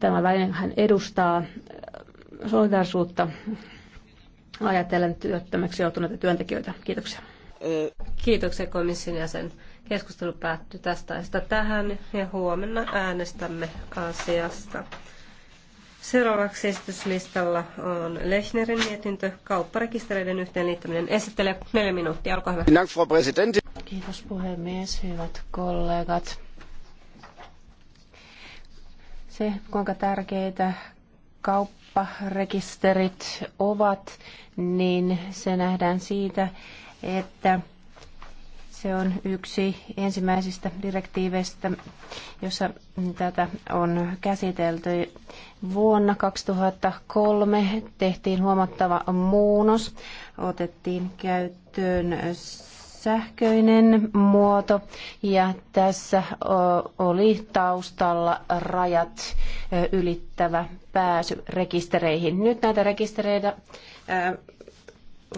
Tämä välinehän edustaa äh, solidarisuutta ajatellen työttömäksi joutuneita työntekijöitä. Kiitoksia. Kiitoksia komission jäsen. Keskustelu päättyy tästä aiheesta tähän ja huomenna äänestämme asiasta. Seuraavaksi esityslistalla on Lechnerin mietintö, kaupparekistereiden yhteenliittäminen. Esittele neljä minuuttia, olkaa hyvä. Kiitos puhemies, hyvät kollegat se, kuinka tärkeitä kaupparekisterit ovat, niin se nähdään siitä, että se on yksi ensimmäisistä direktiiveistä, jossa tätä on käsitelty. Vuonna 2003 tehtiin huomattava muunnos. Otettiin käyttöön sähköinen muoto ja tässä oli taustalla rajat ylittävä pääsy rekistereihin. Nyt näitä rekistereitä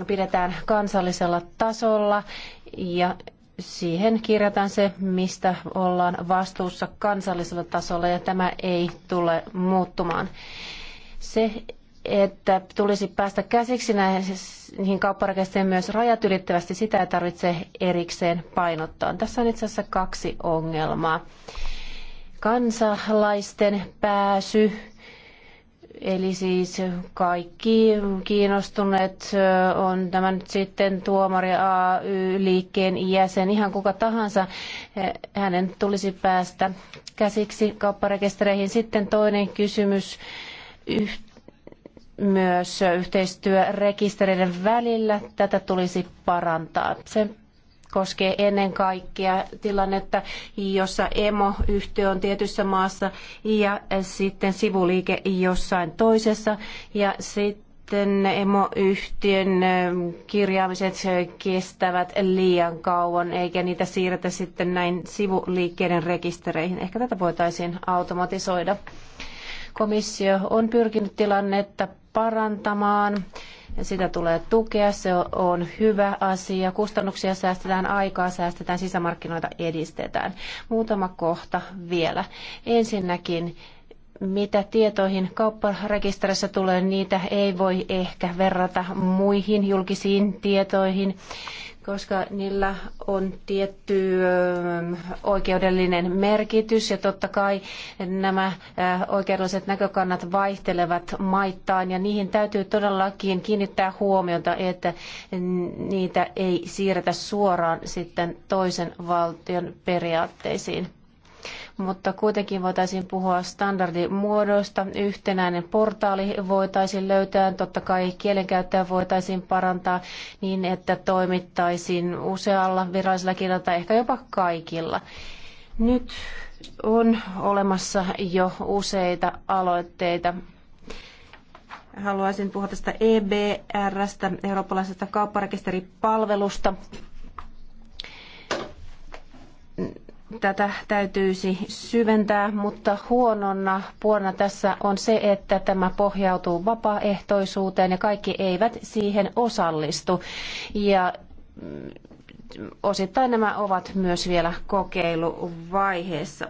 pidetään kansallisella tasolla ja siihen kirjataan se, mistä ollaan vastuussa kansallisella tasolla ja tämä ei tule muuttumaan. Se että tulisi päästä käsiksi näihin kaupparakesteen myös rajat ylittävästi. Sitä ei tarvitse erikseen painottaa. Tässä on itse asiassa kaksi ongelmaa. Kansalaisten pääsy, eli siis kaikki kiinnostuneet on tämä nyt sitten tuomari AY-liikkeen jäsen, ihan kuka tahansa, hänen tulisi päästä käsiksi kaupparekistereihin. Sitten toinen kysymys, yhteydessä myös yhteistyörekistereiden välillä. Tätä tulisi parantaa. Se koskee ennen kaikkea tilannetta, jossa emoyhtiö on tietyssä maassa ja sitten sivuliike jossain toisessa ja sitten emoyhtiön kirjaamiset kestävät liian kauan, eikä niitä siirretä sitten näin sivuliikkeiden rekistereihin. Ehkä tätä voitaisiin automatisoida. Komissio on pyrkinyt tilannetta parantamaan. Sitä tulee tukea, se on hyvä asia. Kustannuksia säästetään, aikaa säästetään, sisämarkkinoita edistetään. Muutama kohta vielä. Ensinnäkin mitä tietoihin kaupparekisterissä tulee, niitä ei voi ehkä verrata muihin julkisiin tietoihin, koska niillä on tietty ähm, oikeudellinen merkitys ja totta kai nämä äh, oikeudelliset näkökannat vaihtelevat maittain ja niihin täytyy todellakin kiinnittää huomiota, että niitä ei siirretä suoraan sitten toisen valtion periaatteisiin mutta kuitenkin voitaisiin puhua standardimuodoista. Yhtenäinen portaali voitaisiin löytää, totta kai kielenkäyttöä voitaisiin parantaa niin, että toimittaisiin usealla virallisella kielellä tai ehkä jopa kaikilla. Nyt on olemassa jo useita aloitteita haluaisin puhua tästä EBRstä, eurooppalaisesta kaupparekisteripalvelusta. tätä täytyisi syventää, mutta huonona puolena tässä on se, että tämä pohjautuu vapaaehtoisuuteen ja kaikki eivät siihen osallistu. Ja mm, osittain nämä ovat myös vielä kokeiluvaiheessa.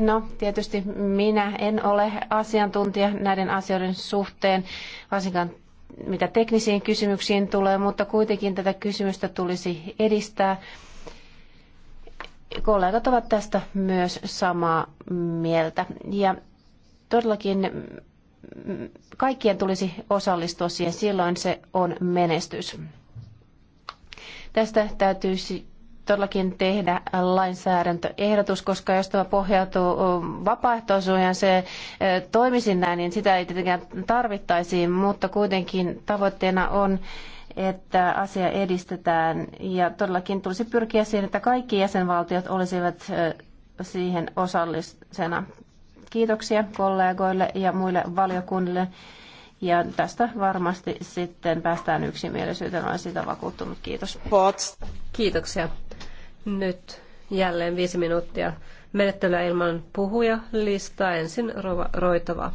No, tietysti minä en ole asiantuntija näiden asioiden suhteen, varsinkaan mitä teknisiin kysymyksiin tulee, mutta kuitenkin tätä kysymystä tulisi edistää kollegat ovat tästä myös samaa mieltä. Ja todellakin mm, kaikkien tulisi osallistua siihen, silloin se on menestys. Tästä täytyisi todellakin tehdä lainsäädäntöehdotus, koska jos tämä pohjautuu vapaaehtoisuuteen, se toimisi näin, niin sitä ei tietenkään tarvittaisi, mutta kuitenkin tavoitteena on että asia edistetään ja todellakin tulisi pyrkiä siihen, että kaikki jäsenvaltiot olisivat siihen osallisena. Kiitoksia kollegoille ja muille valiokunnille. Ja tästä varmasti sitten päästään yksimielisyyteen. Olen siitä vakuuttunut. Kiitos. Kiitoksia. Nyt jälleen viisi minuuttia menettelyä ilman puhuja listaa. Ensin Roitova.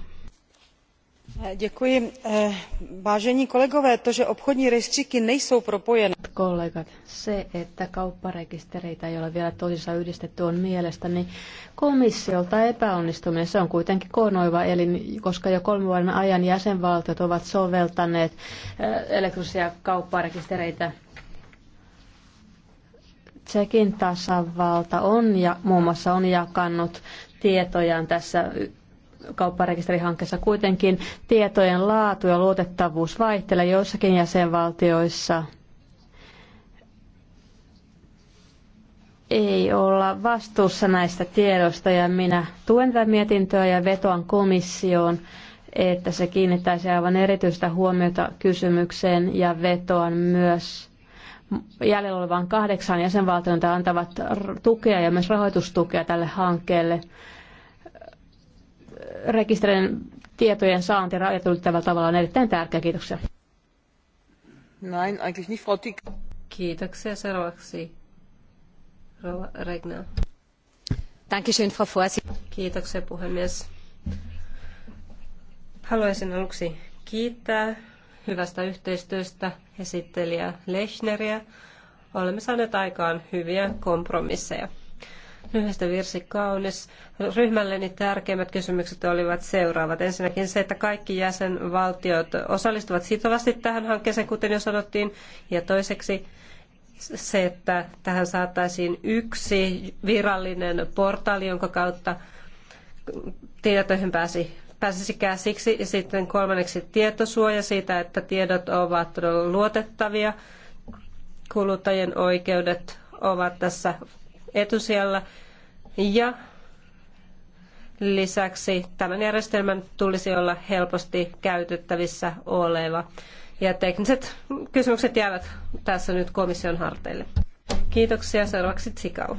Eh, vážení kolegové to že obchodní rejstříky nejsou propojené. kollegat se että kaupparekistereitä ei ole vielä toisiinsa yhdistetty on mielestäni komissiolta epäonnistuminen. se on kuitenkin koordinoiva elin koska jo kolmen vuoden ajan jäsenvaltiot ovat soveltaneet eh, elektronisia kaupparekistereitä Tsekin tasavalta on ja muun muassa on jakanut tietojaan tässä kaupparekisterihankkeessa kuitenkin tietojen laatu ja luotettavuus vaihtelee joissakin jäsenvaltioissa. Ei olla vastuussa näistä tiedoista ja minä tuen tätä mietintöä ja vetoan komissioon, että se kiinnittäisi aivan erityistä huomiota kysymykseen ja vetoan myös jäljellä olevaan kahdeksaan jäsenvaltioon, antavat tukea ja myös rahoitustukea tälle hankkeelle rekisterin tietojen saanti rajat tavalla on erittäin tärkeä. Kiitoksia. Nein, eigentlich nicht, Frau Tick. Kiitoksia. Seuraavaksi Rova Regner. Dankeschön, Frau Vorsitzende. Kiitoksia, puhemies. Haluaisin aluksi kiittää hyvästä yhteistyöstä esittelijä Lechneriä. Olemme saaneet aikaan hyviä kompromisseja lyhyestä virsi kaunis. Ryhmälleni tärkeimmät kysymykset olivat seuraavat. Ensinnäkin se, että kaikki jäsenvaltiot osallistuvat sitovasti tähän hankkeeseen, kuten jo sanottiin. Ja toiseksi se, että tähän saataisiin yksi virallinen portaali, jonka kautta tietoihin pääsi, pääsisi käsiksi. Ja sitten kolmanneksi tietosuoja siitä, että tiedot ovat luotettavia. Kuluttajien oikeudet ovat tässä etusijalla ja lisäksi tämän järjestelmän tulisi olla helposti käytettävissä oleva. Ja tekniset kysymykset jäävät tässä nyt komission harteille. Kiitoksia. Seuraavaksi Tsikau.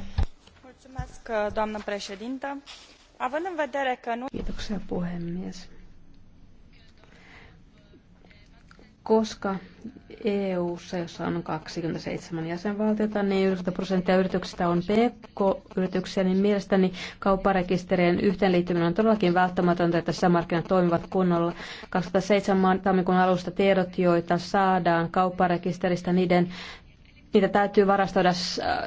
Kiitoksia puhemies. Koska EU-ssa, jossa on 27 jäsenvaltiota, niin 90 prosenttia yrityksistä on PK-yrityksiä, niin mielestäni kaupparekisterien yhteenliittyminen on todellakin välttämätöntä, että sisämarkkinat toimivat kunnolla. 27 tammikuun alusta tiedot, joita saadaan kaupparekisteristä, niiden, niitä täytyy varastoida äh,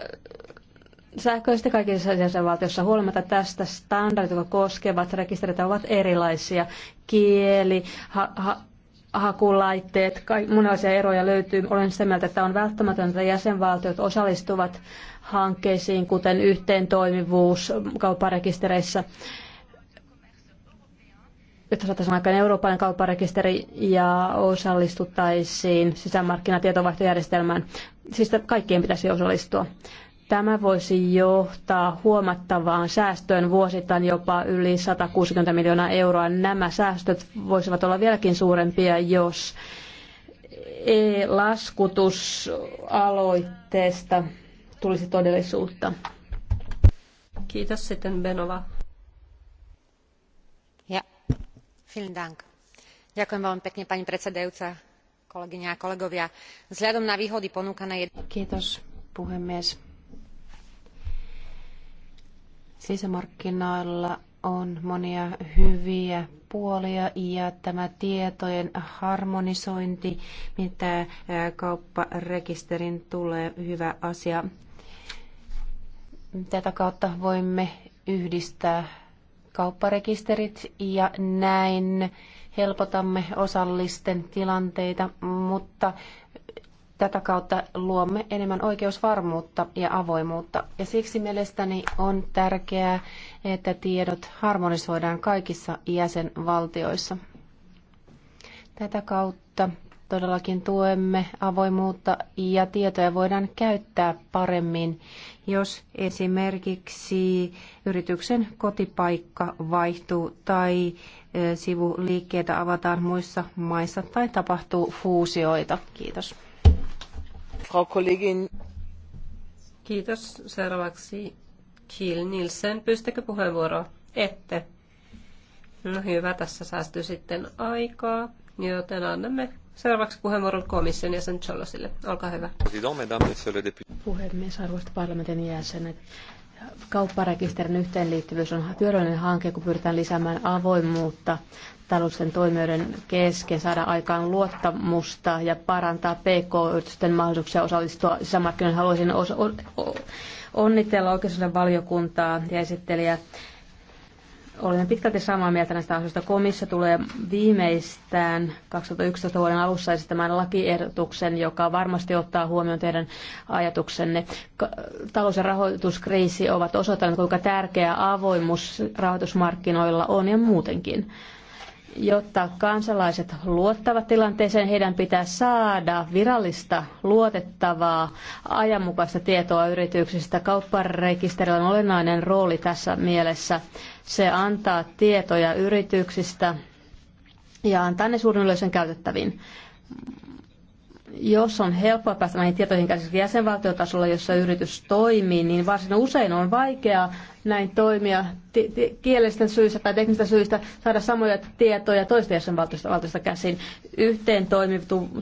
sähköisesti kaikissa jäsenvaltioissa huolimatta tästä standardit, jotka koskevat rekisterit, ovat erilaisia. Kieli, ha- ha- hakulaitteet, monenlaisia eroja löytyy. Olen sitä mieltä, että on välttämätöntä, että jäsenvaltiot osallistuvat hankkeisiin, kuten yhteentoimivuus kaupparekistereissä että saataisiin aikaan Euroopan kaupparekisteri ja osallistuttaisiin sisämarkkinatietovaihtojärjestelmään. Siis kaikkien pitäisi osallistua. Tämä voisi johtaa huomattavaan säästöön vuosittain jopa yli 160 miljoonaa euroa. Nämä säästöt voisivat olla vieläkin suurempia, jos e-laskutusaloitteesta tulisi todellisuutta. Kiitos sitten Benova. Ja, vielen dank. Ďakujem veľmi pekne, pani predsedajúca, kolegyňa a kolegovia. Vzhľadom na výhody ponúkané... Kiitos, puhemies Sisämarkkinoilla on monia hyviä puolia ja tämä tietojen harmonisointi, mitä kaupparekisterin tulee, hyvä asia. Tätä kautta voimme yhdistää kaupparekisterit ja näin helpotamme osallisten tilanteita, mutta Tätä kautta luomme enemmän oikeusvarmuutta ja avoimuutta. Ja siksi mielestäni on tärkeää, että tiedot harmonisoidaan kaikissa jäsenvaltioissa. Tätä kautta todellakin tuemme avoimuutta ja tietoja voidaan käyttää paremmin, jos esimerkiksi yrityksen kotipaikka vaihtuu tai sivuliikkeitä avataan muissa maissa tai tapahtuu fuusioita. Kiitos. Frau Kollegin. Kiitos. Seuraavaksi Kiel Nielsen. Pystytkö puheenvuoroa? Ette. No hyvä, tässä säästyy sitten aikaa, joten annamme seuraavaksi puheenvuoron komission jäsen Cholosille. Olkaa hyvä. Puhemies, arvoisat parlamentin jäsenet. Kaupparekisterin yhteenliittyvyys on työllinen hanke, kun pyritään lisäämään avoimuutta talousten toimijoiden kesken, saada aikaan luottamusta ja parantaa PK-yritysten mahdollisuuksia osallistua sisämarkkinoille. Haluaisin onnitella oikeusasioiden valiokuntaa ja esittelijä. Olemme pitkälti samaa mieltä näistä asioista. Komissa tulee viimeistään 2011 vuoden alussa esittämään lakiehdotuksen, joka varmasti ottaa huomioon teidän ajatuksenne. Talous- ja rahoituskriisi ovat osoittaneet, kuinka tärkeä avoimuus rahoitusmarkkinoilla on ja muutenkin. Jotta kansalaiset luottavat tilanteeseen, heidän pitää saada virallista, luotettavaa, ajanmukaista tietoa yrityksistä. Kaupparekisterillä on olennainen rooli tässä mielessä. Se antaa tietoja yrityksistä ja antaa ne suurin yleisön käytettäviin jos on helppoa päästä näihin tietoihin käsiksi jäsenvaltiotasolla, jossa yritys toimii, niin varsin usein on vaikeaa näin toimia kielisten syistä tai teknistä syistä saada samoja tietoja toista jäsenvaltiosta käsin. Yhteen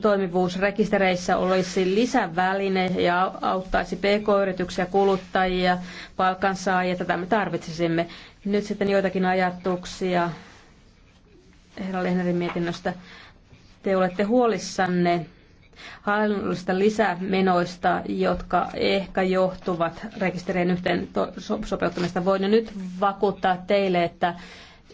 toimivuus rekistereissä olisi lisäväline ja auttaisi pk-yrityksiä, kuluttajia, palkansaajia. Tätä me tarvitsisimme. Nyt sitten joitakin ajatuksia herra Lehnerin mietinnöstä. Te olette huolissanne hallinnollisista lisämenoista, jotka ehkä johtuvat rekisterien yhteen sopeuttamista. Voin jo nyt vakuuttaa teille, että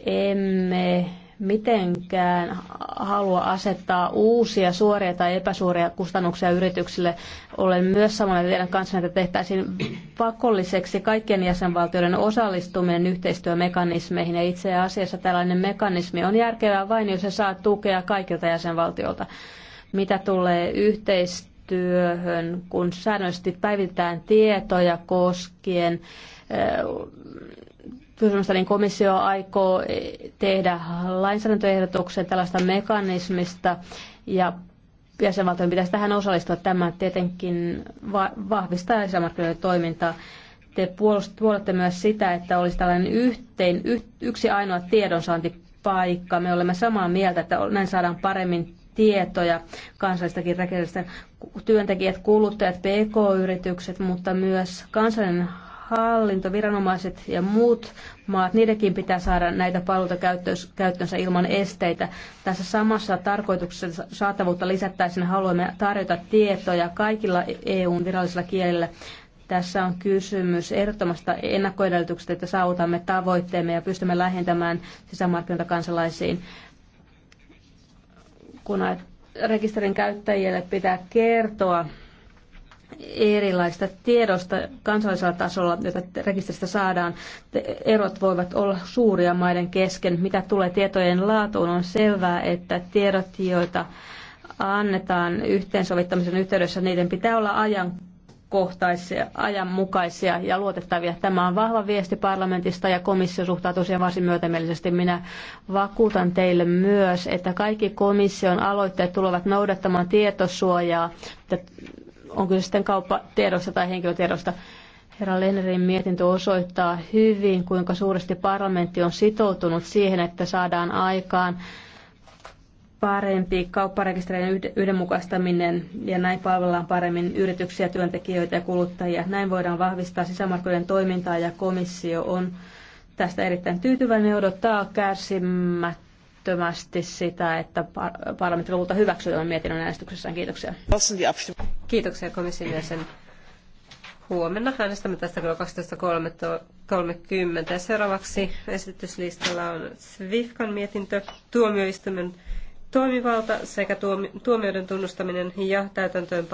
emme mitenkään halua asettaa uusia suoria tai epäsuoria kustannuksia yrityksille. Olen myös samalla teidän kanssanne, että tehtäisiin pakolliseksi kaikkien jäsenvaltioiden osallistuminen yhteistyömekanismeihin. Ja itse asiassa tällainen mekanismi on järkevää vain, jos se saa tukea kaikilta jäsenvaltioilta. Mitä tulee yhteistyöhön, kun säännöllisesti päivitetään tietoja koskien eh, kysymystä, niin komissio aikoo tehdä lainsäädäntöehdotuksen tällaista mekanismista ja jäsenvaltion pitäisi tähän osallistua. Tämä tietenkin vahvistaa jäsenmarkkinoiden toimintaa. Te puolette myös sitä, että olisi tällainen yhteen, yksi ainoa tiedonsaantipaikka. Me olemme samaa mieltä, että näin saadaan paremmin tietoja kansallistakin rekisteristä. Työntekijät, kuluttajat, PK-yritykset, mutta myös kansallinen hallinto, viranomaiset ja muut maat, niidenkin pitää saada näitä palveluita käyttöönsä ilman esteitä. Tässä samassa tarkoituksessa saatavuutta lisättäisiin haluamme tarjota tietoja kaikilla EUn virallisilla kielillä. Tässä on kysymys ehdottomasta ennakkoedellytyksestä, että saavutamme tavoitteemme ja pystymme lähentämään sisämarkkinoita kansalaisiin kun rekisterin käyttäjille pitää kertoa erilaista tiedosta kansallisella tasolla, jota rekisteristä saadaan. Erot voivat olla suuria maiden kesken. Mitä tulee tietojen laatuun, on selvää, että tiedot, joita annetaan yhteensovittamisen yhteydessä, niiden pitää olla ajan ajankohtaisia, ajanmukaisia ja luotettavia. Tämä on vahva viesti parlamentista ja komissio suhtautuu siihen varsin myötämielisesti. Minä vakuutan teille myös, että kaikki komission aloitteet tulevat noudattamaan tietosuojaa, että onko se sitten kauppatiedosta tai henkilötiedosta. Herra Lennerin mietintö osoittaa hyvin, kuinka suuresti parlamentti on sitoutunut siihen, että saadaan aikaan parempi kaupparekisterien yhdenmukaistaminen ja näin palvellaan paremmin yrityksiä, työntekijöitä ja kuluttajia. Näin voidaan vahvistaa sisämarkkinoiden toimintaa ja komissio on tästä erittäin tyytyväinen ja odottaa kärsimättömästi sitä, että parlamentti lopulta hyväksyy tämän mietinnön äänestyksessään. Kiitoksia. Kiitoksia komission jäsen. Huomenna äänestämme tästä kello 12.30. Seuraavaksi esityslistalla on Svifkan mietintö tuomioistuimen toimivalta sekä tuomioiden tunnustaminen ja täytäntöönpano